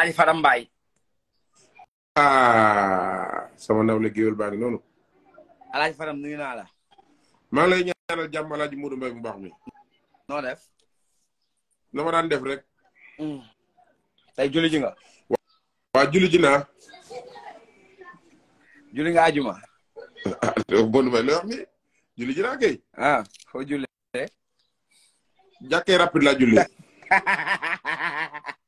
laali faram Ah, sama ndaw la géwél baa nonu noonu alaaji faram nuyu na la ma lay ñaanal jàmm alaaji mudu mbay bu bax mi no def na ma daan def rek hmm. tay julli ji nga wa julli ji na julli nga aljuma ah, Modou Mbaye la mi julli ji na kay ah fo julli jakke rapide la julli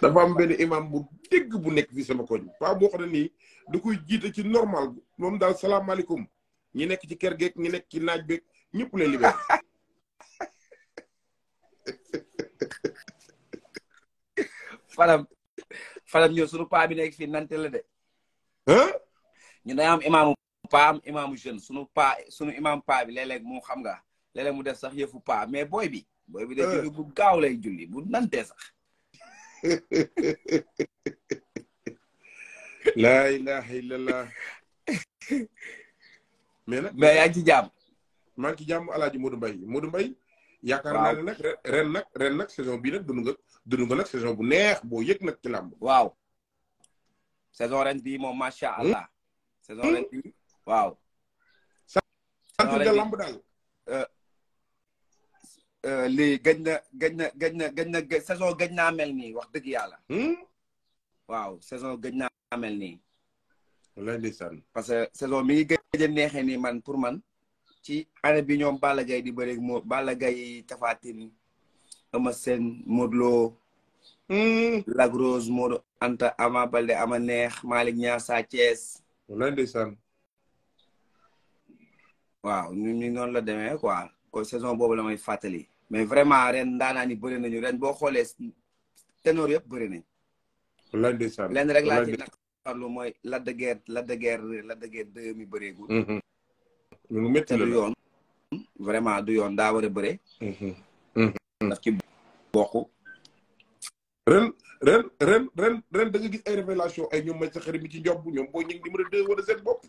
dafa am imam bu dégg bu nekk fi sama koñ paa boo xam ne nii da koy ci normal moom daal salaamaaleykum ñi nekk ci kër geeg ñi nekk ci naaj beeg ñëpp lay libéré. Fadam Fadam sunu paa bi nekk fii nante la de. ñu day am imaamu paa am imaamu jeune sunu paa sunu imaam paa bi léeg-léeg mu xam nga léeg-léeg mu des sax yëfu paa mais booy bi. booy bi de julli bu gaaw lay julli bu nante sax. laa ilaha illallah mais nag mais yaa ci jàmm maa ci jàmm alaaji Modou Mbaye Modou Mbaye yaakaar naa ne nag ren nag saison bii nag dund nag saison bu neex bo yëg nag ci làmb waaw saison ren bii moom macha allah hmm? saison ren bii waaw sant nga làmb daal euh, Euh, lii gañ na gañ na gañ na gañ na saison gañ naa mel nii wax dëgg yàlla. Hmm? waaw saison gañ naa mel nii. walaay ndeysaan parce que saison mi ngi gëj neexee nii man pour man ci année bi ñoom Balla Gaye di bëri moo Balla Gaye Tapha Tine Eumeu Sène Lo. Hmm? Lac Rose Modou Anta Ama Baldé Ama Neex Malick Niang Sa Thiès. walaay ndeysaan la demee quoi ko saison boobu la may fàttali. mais vraiment ren ndaanaan yi bëri nañu ren boo xoolee ténor yëpp bëri nañ. lan ndeysaan lenn rek laa ci naqarlu mooy Lac de Guiers Lac de Guiers de mi bëreegul. Mhm. lu métti la du yoon. du yoon daa war a bëre. Mhm. Mhm. daf ci bokk. ren ren ren ren ren da nga gis ay révélation ay ñoom ma sa xarit mi ci njob ñoom boo ñu ngi numéro deux wala seen bopp.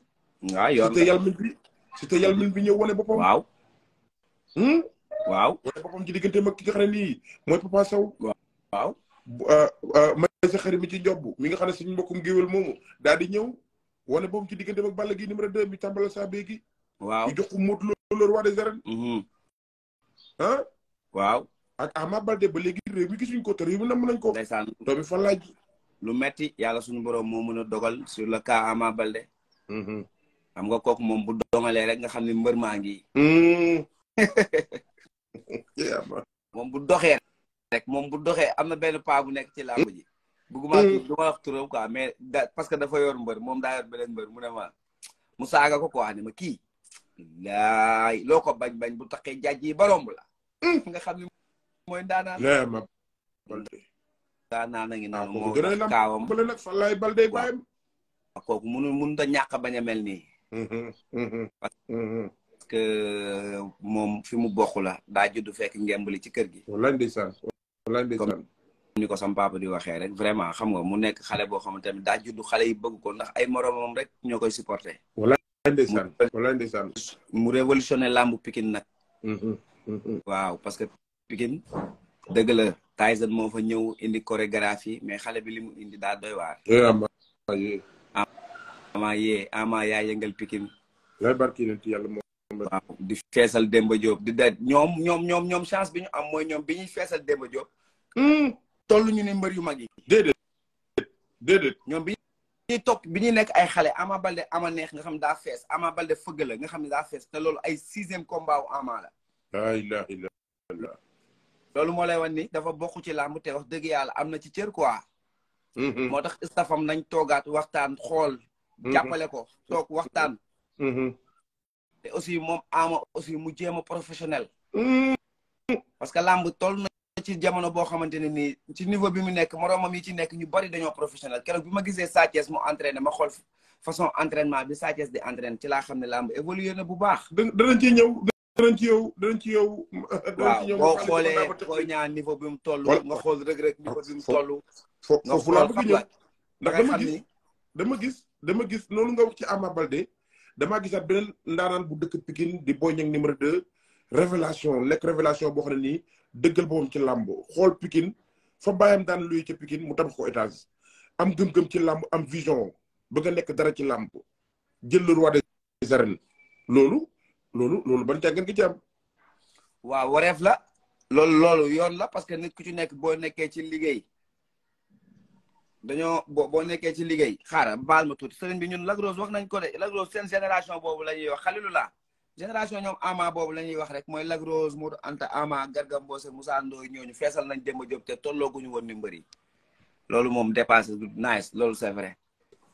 waaw yoon la si te yàlla min bi ñëw wane boppam. waaw. Hmm? Wow, wala boppam ci digganteem ak ki nga nii mooy Papa Sow waaw may sa xarit mi ci njobb mi nga xam ne suñu mbokkum géwél moomu daal di ñëw wane boppam ci digganteem ak Balla Gaye numéro deux tàmbala saa waaw jox ko roi des arènes ah waaw ak Ama balde ba léegi réew mi gisuñ ko te réew mi namm nañ ko ndeysaan doomi fan laaj lu dogal sur le cas Ama ah, balde. Mhm. xam nga kooku moom bu dongalee rek nga xam Iya, moom bu doxee rek moom bu doxee am na benn paa bu nekk ci làmb ji bëgguma hmm. du ma wax turam quoi mais da parce que dafa yor mbër moom daa yor beneen mbër mu ne ma mu saaga ko quoi ne ma kii laay loo ko bañ bañ bu taxee jaaj yi baromb la hmm. nga xam ne mooy ndaanaan lma ndaanaan a ngi ah, noonu moo kaawam nag fa lay bal day bàyyam kooku mënu mënu ta ñàkk bañ a mel nii hmm, que moom fi mu bokk la daa judd fekk ngemb li ci kër gi. wallaay ndeysaan wallaay ndeysaan ni ko sam papa di waxee rek vraiment xam nga mu nekk xale boo xamante ne daa judd xale yi bëgg ko ndax ay moromam rek ñoo koy supporté. wallaay ndeysaan wallaay ndeysaan mu révolutionné làmb Pikine nag. Mm-hmm, mm-hmm. waaw parce que Pikine dëgg la Tyson moo fa ñëw indi chorégraphie mais xale bi li mu indi daa doy waar. Eh, ama yee ama yaa yëngal Pikine. lay barki yàlla waaw di feesal Demba Diop ñoom ñoom ñoom ñoom chance bi ñu am mooy ñoom bi ñuy feesal Demba Diop hmm, tolu ñu ne mbër yu mag yi déedéet déedéet ñoom bi ñuy toog bi ñuy nekk ay xale Ama Balde ama neex nga xam ne daa fees Ama Balde fëgg la nga xam ne daa fees te loolu ay sixième combat wu Ama loolu moo lay wan ni dafa bokk ci làmb te wax dëgg yàlla am na ci cër quoi mm-hmm. moo tax istafam nañ toogaat waxtaan xool mm-hmm. jàppale ko toog waxtaan mm-hmm. te aussi moom Ama aussi mu jéem a professionnel. Mm. parce que làmb toll na ci jamono boo xamante ne nii ci niveau bi mu nekk moroomam yi ci nekk ñu bari dañoo professionnel keroog bi ma gisee Sa Thiès mu entraîné ma xool façon entraînement bi Sa Thiès di entraîné ci laa xam ne làmb évolué na bu baax. danañ ci ñëw danañ ci yow danañ ci yow. danañ ci yow waaw boo xoolee boo ñaan niveau bi mu toll. nga xool Reug Reug niveau bi mu toll. foofu foofu laa bëgg ñëw nga xool xam la ndax dama gis dama gis dama gis noonu nga ci Ama damaa gisaat beneen ndaanaan bu dëkk Pikine di Boy Niang numéro 2 révélation lekk révélation boo xam ne nii dëggal boppam ci làmb xool Pikine foo bàyyam daan luy ci pikin mu tabax ko étage am gëm-gëm ci làmb am vision bëgg a nekk dara ci làmb jël le roi des loolu loolu loolu ban jàngat gi ci am. waaw wareef la. loolu loolu yoon la parce que nit ku ci nekk boo nekkee ci liggéey. dañoo bo boo nekkee ci liggéey xaaral baal ma tuuti sëriñ bi ñun Lagros wax nañ ko de seen génération boobu la ñuy wax xalilu laa génération ñoom ama boobu la ñuy wax rek mooy Lagros Modou Anta ama Garga Mbossé Moussa Ndoye ñooñu feesal nañ Demba Diop te tollooguñu woon ni bari loolu moom dépassé nice loolu c'est vrai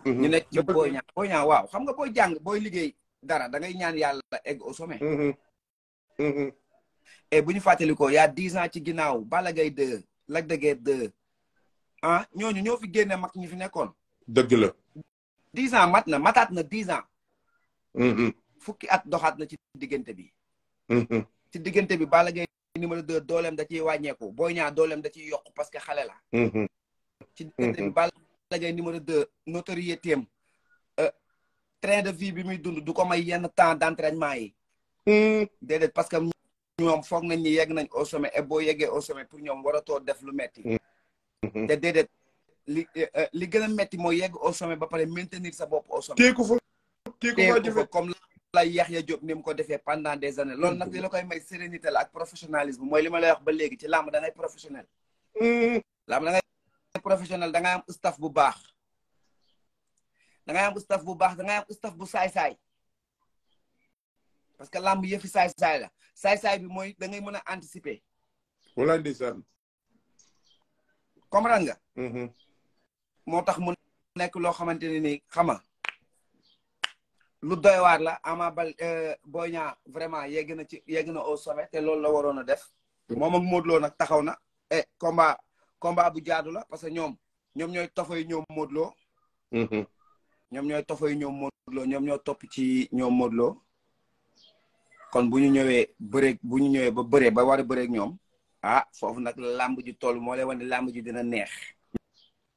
mhm. ñu nekk ci booy ñaan booy ñaan waaw xam nga booy jàng booy liggéey dara da ngay ñaan yàlla egg au sommet mhm. Mhm. et bu ñu fàttalikoo y'a dix ans ci ginnaaw bala gay 2 Lac de ah ñooñu ñoo fi génne mag ñi fi nekkoon. dëgg la. dix ans mat na mataat na dix ans. Mm-hmm. fukki at doxaat na ci diggante bi. Mm-hmm. ci diggante bi Balla Gaye numéro de dooleem da ciy wàññeeku Boy Niang dooleem da yokk parce que xale la. Mm-hmm. ci diggante bi Balla Gaye numéro deux notoriété am euh, train de vie bi muy dund du ko may yenn temps d'entraînement yi. déedéet parce que ñoom foog nañ ni yegg nañ au sommet et boo yeggee au sommet pour ñoom waratoo def lu metti Uhum. te deedet li eh, eh, li gën a metti mooy yegg au sommet ba pare maintenir sa bopp au sommet teeku fa teeku fa comme la Yaxya Diop ni mu ko defee pendant des années loolu nag li la koy may sérénité la ak professionnalisme mooy li ma lay wax ba léegi ci làmb da ngay professionnel mhm. làmb da ngay professionnel da ngay am staff bu baax da ngay am staff bu baax da ngay am staff bu saay-saay parce que làmb yëfi saay-saay la saay-saay bi mooy da ngay mën a anticiper wala ndeysaan comprendre nga. Mm-hmm. moo tax mu nekk loo xamante ne ni xam nga lu doy la Ama Bal euh, Boy Niang vraiment yegg na ci yegg na au sommet loolu la waroon a def. moom ak Modou Lo nag taxaw na e combat bu jaadu la parce que ñoom ñoom ñooy tofoy ñoom Modou Lo. Mm-hmm. ñoom ñooy tofoy ñoom Modou Lo ñoom ñoo topp ci ñoom Modou kon bu ñu ñëwee bëreeg bu ñu ñëwee ba bëree ba war a bëreeg ñoom. ah foofu nag làmb ji toll moo lay wane làmb ji dina neex.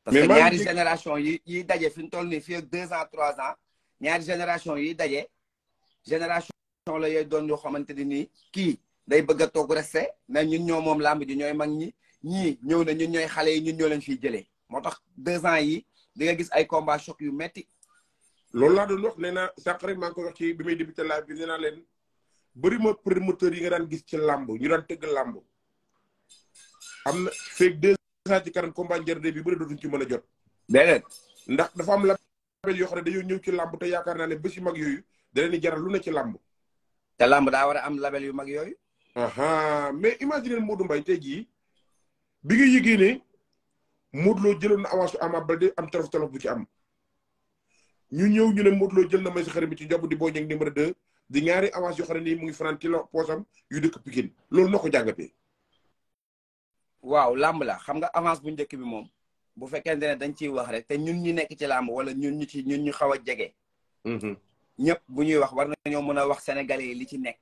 parce que ñaari génération yi yi daje fi mu toll nii fii ak deux ans trois ans ñaari génération yi daje génération la yooyu doon yoo xamante ni nii kii day bëgg tog toog resté mais ñun moom làmb ji ñooy mag ñi ñii ñëw na ñun ñooy xale yi ñun ñoo leen fiy jëlee moo tax deux ans yi di gis ay combat choc yu metti loolu laa doon wax nee naa sànq rek maa ngi ko wax bi may débuté laaj bi nee naa leen bëri ma promoteurs yi nga daan gis ci làmb ñu daan tëgg làmb am na feeg deux ans ci kanam combat njëriñ bi bëri dootuñ ci mën a jot. déedéet ndax dafa am label yoo xam ne dañoo ñëw ci làmb te yaakaar naa ne bés yu mag yooyu da leen jaral lu ne ci làmb. te làmb daa war am label yu mag yooyu. mais imagine Modou Mbaye tey jii bi nga yëgee ne Modou Lo jëloon na avance Ama Baldé am tolof tolof bu ci am ñu ñëw ñu ne Modou Lo jël na may si xarit bi ci njaboot di Boy Niang numéro 2 di ñaari avance yoo xam ne nii mu ngi fanaan ci la poosam yu dëkk Pikine loolu noo ko jàngatee. waaw làmb la xam nga avance bu njëkk bi moom bu fekkente ne dañ ciy wax rek te ñun ñu nekk ci làmb wala ñun ñu ci ñun ñu xaw a jege. Mm-hmm. ñëpp bu ñuy wax war nañoo mën a wax sénégalais yi li ci nekk.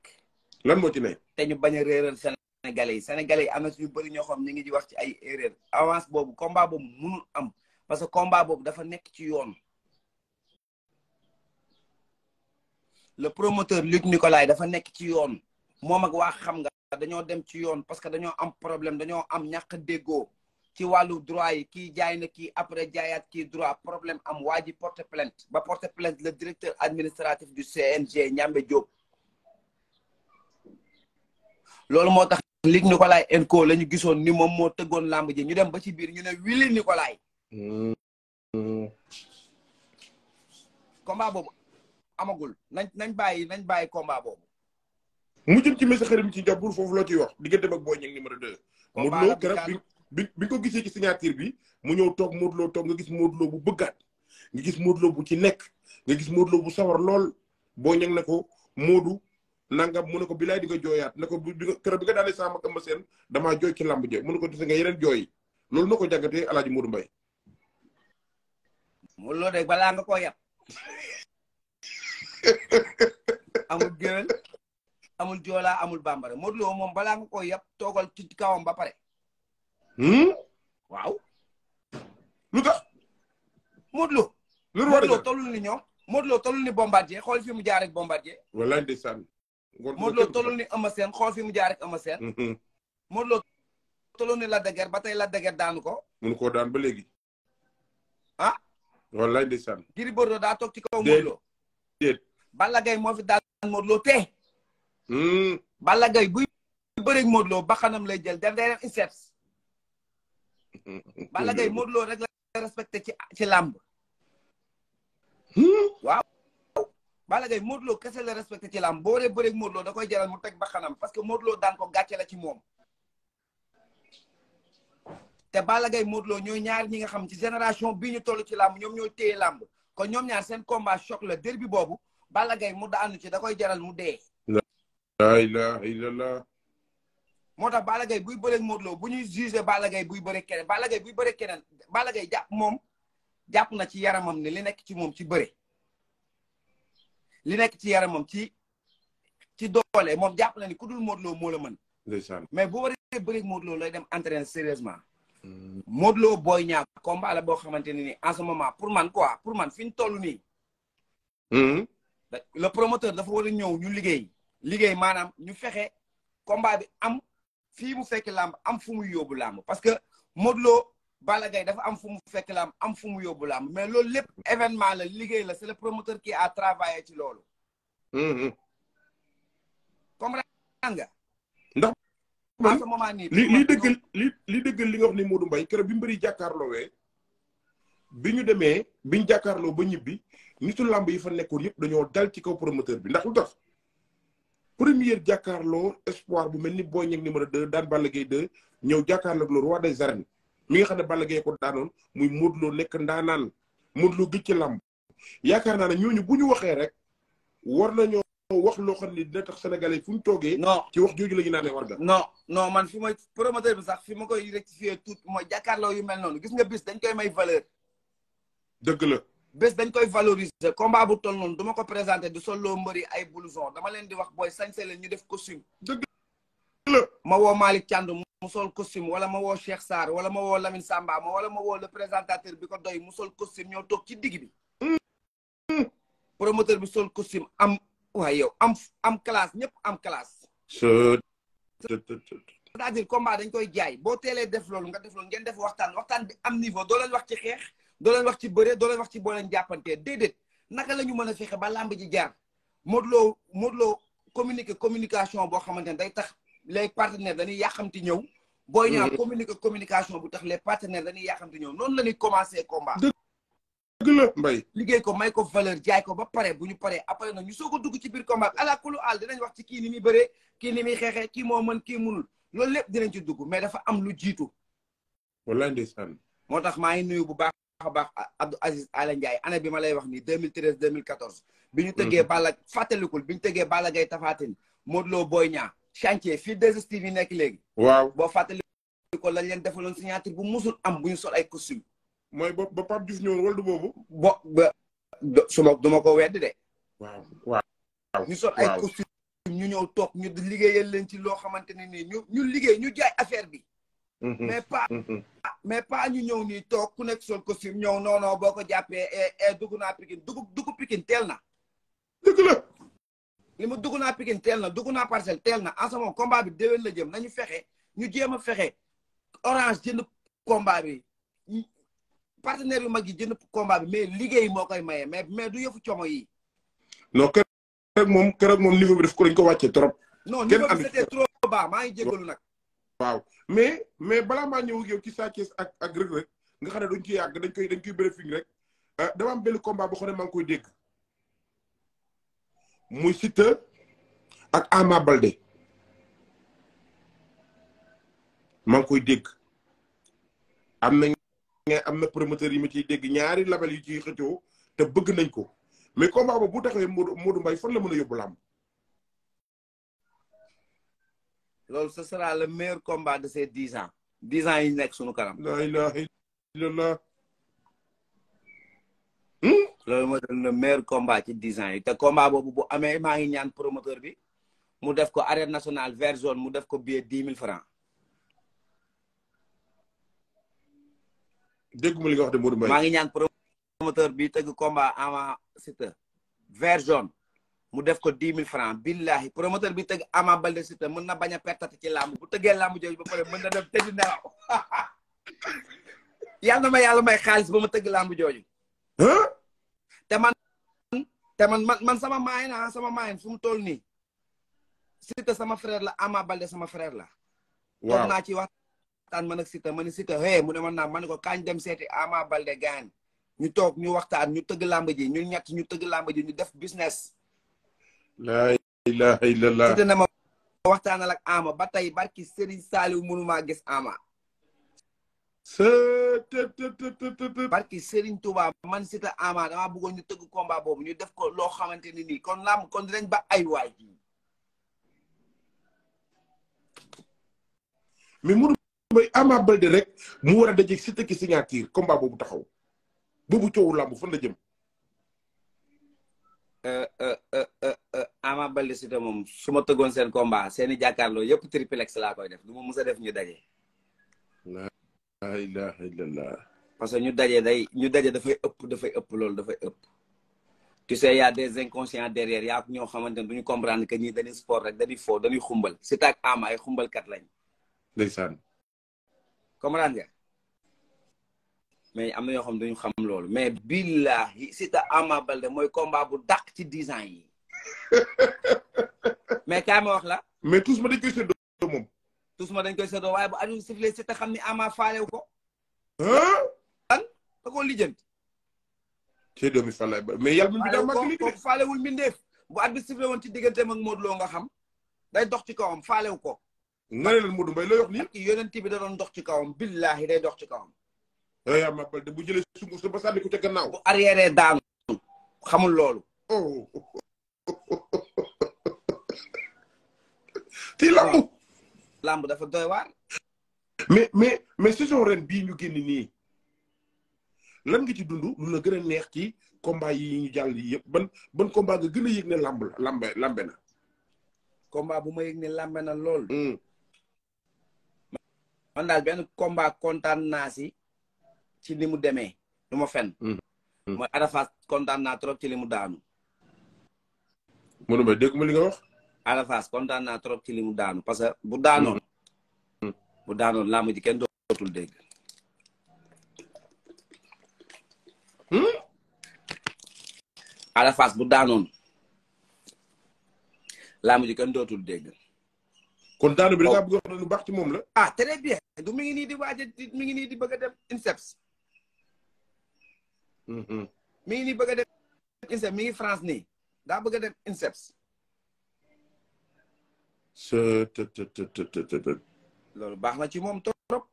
lan moo ci te ñu bañ a réeral sénégalais yi sénégalais yi am na suñu bëri ñoo xam ñu ngi di wax ci ay erreur avance boobu combat boobu mënul am parce que combat boobu dafa nekk ci yoon. le promoteur Luc Nicolaï dafa nekk ci yoon moom ak waa xam nga dañoo dem ci yoon parce que dañoo am problème dañoo am ñàkk déggoo ci wàllu droit yi kii jaay na kii après jaayaat kii droit problème am waa ji porte plainte ba porte plainte le directeur administratif du CNG Ñambe Diop loolu moo tax Luc Nicolaï Enco la ñu gisoon ni moom moo tëggoon làmb ji ñu dem ba ci biir ñu ne Willy Nicolaï mm. combat boobu amagul nañ nañ bàyyi nañ bàyyi combat boobu mu jëm ci Mesa xarim ci jàppul fofu loo ci wax digënté ak Boy ñing numéro 2. mu do keroog bi bi bi ko gisé ci signature bi mu ñëw tok modlo tok nga gis modlo bu bëggat nga gis modlo bu ci nekk nga gis modlo bu sawar lool Boy Niang nako modu Modou nangam mu ne ko bilaay di nga joyat nako ko bi nga dalé bi sama ak sen dama joy ci lamb je mu ne ko dese nga yeneen joy lool nako jagaté aladi El Hadj Modou Mbaye. Lo de bala nga ko yapp amu géwél. amul joolaa amul bambara Modou Lo moom balaa nga koy yàpp toogal ci kawam ba pare. Hmm? waaw. lu tax. Modou Lo. lu war a Modou ñoom. Modou Lo tollul ni xool fi mu jaar ak Bombardier. walaay ndeysaan. Modou Lo xool fi mu jaar ak Eumeu Sène. Hmm. Modou Lo tollul ni Lac de Guiers ba tey Lac de Guiers daanu ko. mun koo daan ba léegi. ah. walaay Hmm. Balla Gaye buy bëreeg Modou baxanam lay jël def day def INSEPS. Balla Gaye rek la respecté ci ci làmb. Hmm. waaw. Balla Gaye Modou kese la respecté ci làmb boo dee bëreeg Modou da koy jaral mu teg baxanam parce que Modou Lo daan ko gàcce la ci moom. te Balla Gaye Modou Lo ñaar ñi nga xam ci génération bi ñu toll ci làmb ñoom ñoo téye làmb kon ñoom ñaar seen combat choc la derbi boobu Balla Gaye mu daanu ci da koy jaral mu dee. la moo tax Balla Gaye buy bëreeg Modou Lo bu ñuy jugé Balla Gaye buy bëreeg keneen Balla Gaye buy bëreeg keneen Balla Gaye jàpp moom jàpp na ci yaramam ne li nekk ci moom ci bëre. li nekk ci yaram yaramam ci ci doole moom jàpp na ni ku dul Modou Lo moo la mën. mais bu waree bëreeg Modou Lo lay dem entraîner sérieusement. Hmm. Modou Lo Boy Niang combat la boo xamante ne ni en ce pour man quoi pour man fi ñu toll nii. Hmm. le promoteur dafa war a ñëw ñu liggéey. liggéey maanaam ñu fexe combat bi am fii mu fekk làmb am fu mu yóbbu làmb parce que Modou Lo Balla dafa am fu mu fekk làmb am fu mu yóbbu làmb mais loolu lépp événement la liggéey la c'est le promoteur qui a travaillé ci loolu. Mm-hmm. comprendre nga. ndax. à ce moment nii li li dëggal li li dëggal li nga wax ni Modou mbay keroog bi mbëri jàkkaarloowee bi ñu demee biñ jàkkaarloo ba ñibbi nitu làmb yi fa nekkoon yëpp dañoo dal ci kaw promoteur bi ndax lu tax. première jàkkaarloo espoir bu mel ni Boy Niang numéro 2 daan Balla Gaye 2 ñëw jàkkaarloo ak le roi des arènes mi nga xam ne Balla Gaye ko daanoon muy Modou loo nekk ndaanaan Modou Lo gëj ci làmb yaakaar naa ne ñooñu bu ñu waxee rek war nañoo wax loo xam ne dina tax sénégalais fu ñu toogee. non ci wax jooju la ñu naan war nga. non non man fi ma promoteur bi sax fi ma koy rectifier tout mooy jàkkaarloo yu mel noonu gis nga bis dañ koy may valeur. dëgg la. bes dañ koy valoriser combat bu toll noonu du ko présenté du solo mbëri ay blouson dama leen di wax booy sañse leen ñu def costume. dëgg ma woo Malick Thiandoum mu sol costume wala ma woo Cheikh Sarr wala ma woo lamin Samba ma wala ma woo le présentateur bi ko doy mu sol costume ñoo toog ci digg bi. Mm. Mm. promoteur bi sol costume am waaye yow am am classe ñëpp am classe. c'est-à-dire combat dañ koy jaay boo teelee def loolu nga def loolu ngeen def waxtaan waxtaan bi am niveau doo leen wax ci xeex. doo leen wax ci bëre doo leen wax ci boo leen jàppantee déedéet naka la ñu mën a fexe ba làmb ji jaar Modou Lo Modou Lo communication boo xamante ne day tax les partenaires dañuy yàqamti ñëw. booy ñaar mm-hmm. communiquer communication bu tax les partenaires dañuy yàqamti ñëw noonu la ñuy commencé combat. dëgg la liggéey ko may ko valeur jaay ko ba pare bu ñu paree après nag ñu soog dugg ci biir combat ala kulu àll wax ci kii ni muy bëree kii ni muy xeexee kii moo mën kii loolu lépp dinañ ci dugg mais dafa am lu jiitu. walaay ndeysaan. tax maa ngi nuyu bu baax. a baax Abdou Aziz Ala Ndiaye année bi ma lay wax nii 2013 2014 bi ñu mhm. tëggee Balla fàttalikul bi ñu tëggee Balla Gaye Tapha Tine Modou Lo Boy Niang chantier fii 2STV yi nekk léegi waaw boo fàttalikul lañ leen defaloon signature bu musul am bu ñu sol ay costume mooy ba ba Pape Diouf ñëwoon du boobu bo ba su ma du ko wedd de waaw waaw ñu sol ay costume ñu ñëw toog ñu liggéeyal leen ci loo xamante ne nii ñu ñu liggéey ñu jaay affaire bi Mm-hmm. mais pas mm-hmm. mais pas ñu ñëw nii toog ku nekk sol costume ñëw non non boo ko jàppee e dugg naa pikin dugg dugg pikin teel na. dëgg la. li mu dugg naa pikin teel na dugg naa parcelle teel na en ce moment combat bi déwén la jëm nañu fexe ñu jéem a fexe orange jënd combat bi partenaire yu mag yi jënd combat bi mais liggéey moo koy maye mais mais du yëfu como yi. non keroog moom keroog moom niveau bi daf ko dañ ko wàccee trop. kenn non niveau bi c'était trop bas maa ngi jégalu nag. waaw mais mais balaa maa ñëw ak yow ci Sa ak ak nga xam ne duñ ci yàgg dañ koy dañ koy briefing rek euh, dama am benn combat boo xam ne maa ngi koy dégg muy Siteu ak Ama Baldé maa ngi koy dégg am na am na promoteur yi ma ciy dégg ñaari label yu ciy xëccoo te bëgg nañ ko mais combat boobu bu taxawee Modou Modou mbay fan la mën a yóbbu làmb loolu ce sera le meilleur combat de ces dix ans dix ans yi nekk sunu kanam. la ilaha illallah. Hmm? loolu mooy ci dix ans yi te combat boobu bu amee maa ngi ñaan promoteur bi mu def ko arène nationale vert zone mu def ko billet dix mille francs. dégguma li nga wax de Modou Mbaye. maa ngi ñaan promoteur bi tëgg combat avant Siteu vert zone. mu def ko 10000 francs billahi promoteur bi tëgg Ama balde Siteu mën na baña a pertati ci lamb bu tëggee lamb joj ba pare mën na def tëddi nelaw yàlla na ma yàlla may xaliss bama ma lamb joj te man te man man sama main, sama main, fu tol ni. Sita sama frère la Ama balde sama frère la toog na ci waxtaan man ak Siteu man mana mana hé mu ne man na man ko kañ dem séti Ama balde gaane ñu tok ñu waxtaan ñu tëgg lamb ji ñun ñatt ñu tëgg lamb ji ñu def business la ilaha illallah cité na ma waxtaanal ak Ama ba tey barki Serigne Saliou mënumaa gis Ama. barki Serigne Touba man cité Ama damaa bëggoon ñu tëgg combat boobu ñu def ko loo xamante ni nii kon laam kon dinañ ba ay waay. mais mënu may Ama Baldé rek mu war a dajeeg cité ki signature combat boobu taxaw bu coowu làmb fan la jëm. Euh, euh, euh, Ama Baldé Siteu moom suma ma tëggoon seen combat seeni jàkkaarloo yëpp triplex laa koy def du ma mës def ñu daje. la ilaha parce que ñu daje day ñu daje dafay ëpp dafay ëpp loolu dafay ëpp. tu sais y' des inconscients derrière yaa ñoo xamante ne du ñu comprendre que ñii dañuy sport rek dañuy fo dañuy xumbal Siteu ak Ama ay xumbalkat lañ. ndeysaan. comprendre nga. mais am yo xam dañu xam loolu mais billahi Siteu Ama Baldé mooy combat bu dàq ci mais kaay ma wax la. mais tous ma dañ koy séddoo moom. tous ma dañ koy séddoo waaye bu aju sifle Siteu xam ni Ama faalewu ko. lan da koo lijjanti. te doomi faale ba mais yàlla mi daa màgg liggéey faalewul mbindeef bu at sifle woon ci digganteem ak Modou nga xam day dox ci kawam faalewu ko. nga Modou Mbaye loo yox nii. yonent bi da doon dox ci kawam billahi day dox ci kawam. Yaya eh, Ama Baldé bu jëlee sungu su ba sànni ko ca gannaaw. bu arrière daanu xamul loolu. oh. ti lamb. lamb dafa doy waar. mais mais mais saison ren bii ñu génn nii lan nga ci dund lu la gën a neex ci combat yi ñu jàll yëpp ban ban combat nga gën a yëg ne lamb la lambe lambe na. combat bu ma yëg ne lambe na lool. Hmm. man daal benn combat kontaan naa si. ci ni mu demee du ma fen mm-hmm. mm-hmm. mooy Ada Fass kontaan naa trop ci li mu daanu mënu ma dégg ma kontaan naa trop ci li mu daanu parce que bu daanoon mm-hmm. bu daanoon laa mu ji kenn dootul dégg hmm? Ada Fass bu daanoon laa mu ji kenn bi da ngaa oh. la ah très bien du mi ngi nii di bëgg a dem INSEPS Mm-hmm. mi ngi nii bëgg a def INSEP mi ngi France nii daa bëgg a def INSEP. loolu baax na ci moom trop.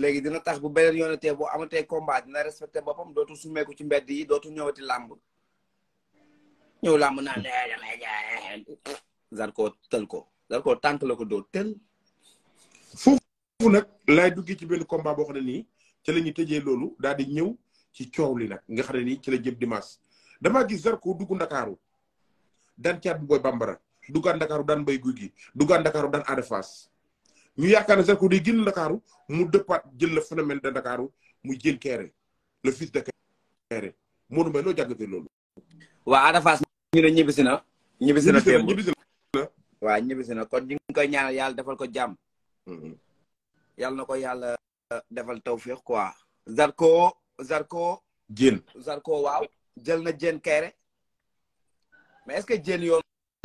léegi dina tax bu beneen yoonatee boo amatee combat dina respecté boppam dootu sumeeku ci mbedd yi dootu ñëwati làmb. ñëw làmb naan eh, Zarko tël ko Zarko tànk la ko doo tël. foofu nag laay duggee ci benn combat boo xam ne nii ca la ñuy tëjee loolu daal di ñëw. ci coow li nag nga xam ne nii ci la jëm dimanche damaa gis Zarko dugg Ndakaaru daan caat bu booy bambara duggaan Ndakaaru daan mbay guy gi duggaan Ndakaaru daan Ada Fass ñu yaakaar ne Zarko di génn Ndakaaru mu dëppa jël le phénomène de Ndakaaru mu jël Kéré le fils de Kéré Modou Mbaye loo jàngatee loolu. waa Ada Fass ñu ne ñibbisi na. ñibbisi na démb ñibbisi na waaw ñibbisi na kon ñu koy ñaanal yàlla defal ko jàmm. Mm-hmm. yàlla na ko yàlla defal tawféex quoi. Zarko Zarko. Diène Zarko waaw jël na Diène Kairé mais est-ce que Diène yoonu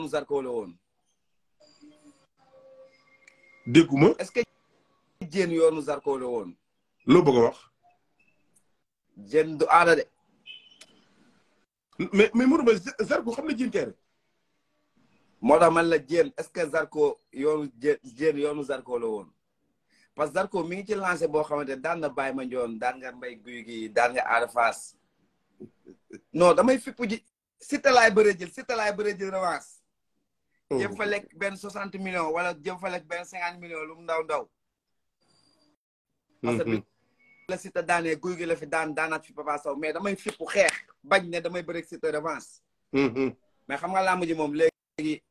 Zarko la woon. dégguma est-ce que yoonu Zarko woon. loo wax. Diène du aada de. mais mais Mourou ma Zarko xam na Diène Kairé. moo tax man la Diène est-ce que Zarko yoonu Diène yoonu Zarko la woon. parce que Zarko mi ngi ci lancé boo xamante daan na Baye Mandione daan nga Mbaye Guy gi daan nga Ada Fass non damay fippu ji Siteu laay bëre jël Siteu laay bëre mm. jëm fa lekk benn soixante millions wala jëm fa lekk benn cinquante millions lu mu ndaw ndaw parce que mm-hmm. la Siteu Guy gi la fi daan daanaat fi Papa Sow mais damay fippu xeex bañ ne damay bëre Siteu revanche mm-hmm. mais xam nga làmb ji moom léegi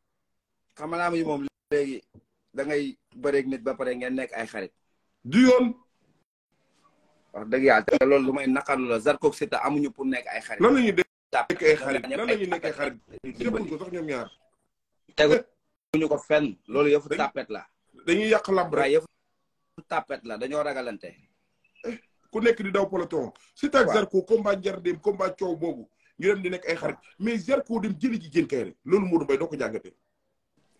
xam da ngay bëreeg nit ba pare ngeen nekk ay xarit. du yoon. wax dëgg yàlla te loolu lu may naqarlu la Zarko Siteu amuñu pour nekk ay xarit. lan la ñuy nekk ay xarit lan la ñuy nekk ay xarit. teguñu ko sax ñoom ñaar. ñu ko fenn loolu yëfu tapet la. dañuy yàq lab rek yëfu tapet la dañoo ragalante. Eh, ku nekk di daw peloton. Siteu ak Zarko combat njar dem combat coow boobu ñu dem di nekk ay xarit mais Zarko dem jëli ji jën kay rek loolu Modou Mbaye doo ko jàngatee.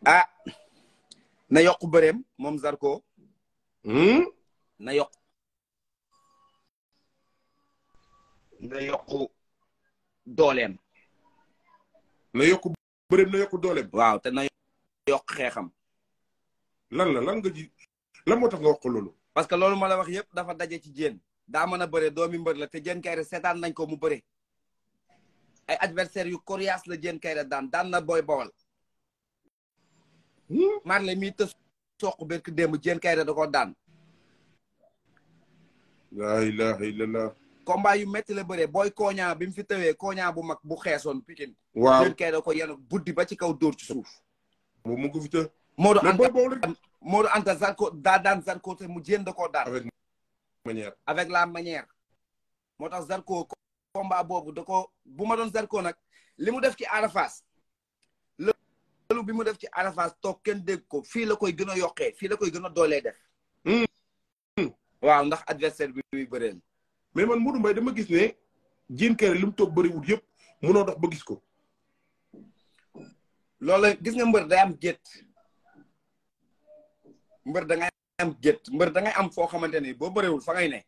ah. na yokk bëreem moom Zarko. Hmm? na yokk. na yokk dooleem. na yokk bëreem na yokk dooleem. waaw te na yokk xeexam. lan la lan nga ji lan moo tax nga wax loolu. parce que loolu ma la wax yëpp dafa daje ci jéen. daa mën a bëre doomi mbër la te jën kayre seetaan nañ ko mu bëre. ay adversaire yu coriace la jën kayre daan daan na booy bawal. Marley mi tës soq berk démb Diène Kaïré da ko daan. laa ilaha illallah. combat yu métti la bëree booy koña bi mu fi tawee koña bu mag bu xeesoon Pikine. waaw Diène Kaïré da ko yenu buddi ba ci kaw dóor ci suuf. boobu mu ko fi të. Modou Anta Modou Anta daan Zarko mu Diène da koo daan. avec la manière. moo tax Zarko combat boobu da ko bu ma doon Zarko nag li mu def ci Ada loolu bi mu def ci Arafat toog kenn dégg ko fii la koy gën a yokkee fii la koy gën a doolee def hmm. Hmm. waaw ndax adversaire bi muy bëreel mais man Modou Mbaye dama gis ne Diène li mu toog bëriwul yëpp munoo dox ba gis ko loolu gis nga mbër day am gétt mbër da ngay am gétt mbër da ngay am foo xamante ni boo bëriwul fa ngay ne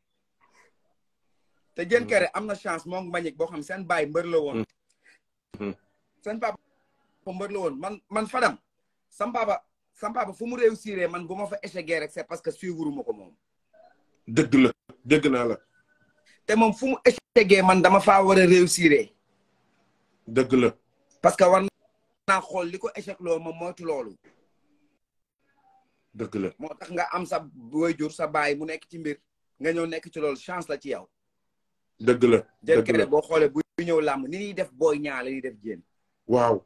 te Diène Kairé hmm. am na chance moom Mbagnick boo xam seen baay mbër la woon seen papa ko man man Fadam sampapa, papa sama papa fumu man buma fa échéguer rek c'est parce que suivre mako mom deug la deug na la. té mom fumu échéguer man dama fa wara Degle. Pas kawan la. parce que war na xol liko ko échec loo ma moytu lolou deug la motax nga am sa jour sa baay mu nek ci mbir nga ñëw nek ci lolou chance la ci yow. deug la deug la bo xolé bu ñew ni def boy ñaala ni def jéen. waaw.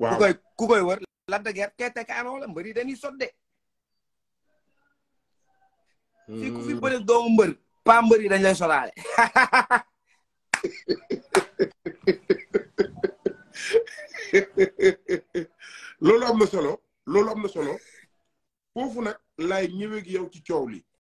waaw ku koy ku koy wër Lac de Guiers tey Tekano la mbëri dañuy sodde fii ku fi hmm. bëri doomu mbër pa mbëri dañ lay sodaale loolu am na solo loolu am na solo foofu nag laay ñëwee ak yow ci coow li